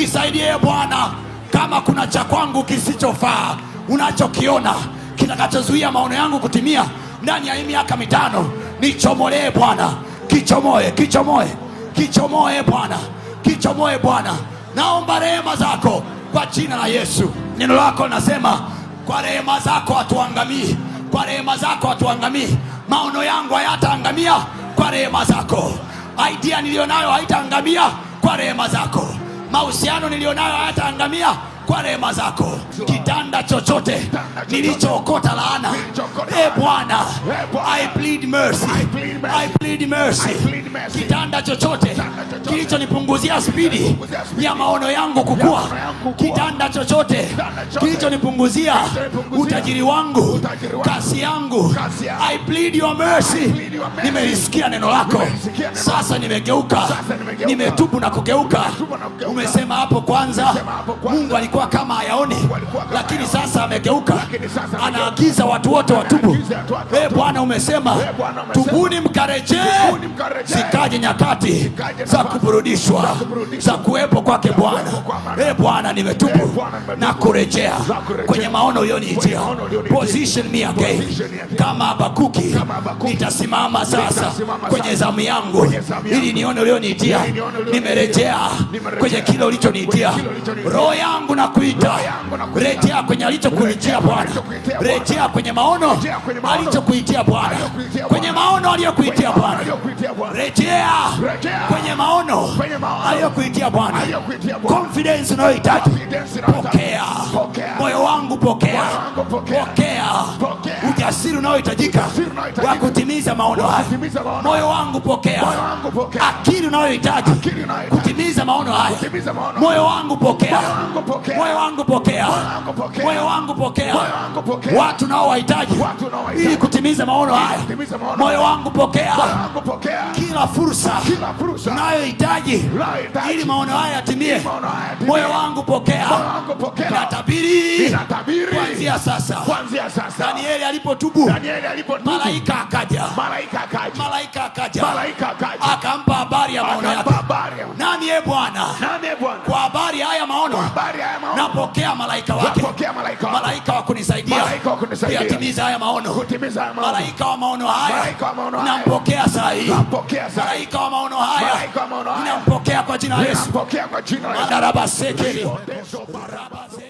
nisaidie Bwana, kama kuna cha kwangu kisichofaa, unachokiona kitakachozuia maono yangu kutimia ndani ya hii miaka mitano, nichomolee Bwana, kichomoe, kichomoe, kichomoe Bwana, kichomoe Bwana. Naomba rehema zako kwa jina la Yesu. Neno lako linasema kwa rehema zako hatuangamii, kwa rehema zako hatuangamii. Maono yangu hayataangamia kwa rehema zako. Idea niliyonayo haitaangamia kwa rehema zako mahusiano niliyonayo hayataangamia kwa rehema zako. Kitanda chochote nilichookota laana, e Bwana, I plead mercy, I plead mercy. Kitanda chochote kilichonipunguzia spidi ya maono yangu kukua, kitanda chochote kilichonipunguzia utajiri wangu, kasi yangu, I plead your mercy nimelisikia neno lako, sasa nimegeuka, nimetubu na kugeuka. Umesema hapo kwanza Mungu alikuwa kama hayaoni, lakini sasa amegeuka, anaagiza watu wote watubu. Ee, ee Bwana, umesema tubuni mkarejee, zikaje nyakati za kuburudishwa za kuwepo kwake Bwana. e Bwana, nimetubu na kurejea kwenye maono uliyoniitia, position me again, kama abakuki nitasimama simama sasa kwenye zamu yangu ili nione ulionitia Nimerejea kwenye kile ulichoniitia. Roho yangu na kuita, rejea kwenye alichokuitia Bwana, rejea kwenye maono alichokuitia Bwana, kwenye maono aliyokuitia Bwana, rejea kwenye maono aliyokuitia Bwana. Confidence unayohitaji pokea, moyo wangu pokea, pokea ujasiri unaohitajika wa kutimiza maono haya. Moyo wangu pokea akili unayohitaji kutimiza maono haya. Moyo wangu pokea, moyo wangu pokea, moyo wangu pokea watu nao wahitaji ili kutimiza maono haya. Moyo wangu pokea kila fursa unayohitaji ili maono haya yatimie. Moyo wangu pokea, natabiri kuanzia sasa Danieli alipo alipotubu malaika akaja, malaika akaja akampa habari ya maono yake. Nami e Bwana, kwa habari haya maono napokea malaika wake, malaika wa kunisaidia kuyatimiza haya maono. Malaika wa maono haya nampokea saa malaika wa maono haya nampokea kwa jina yesu Yesu.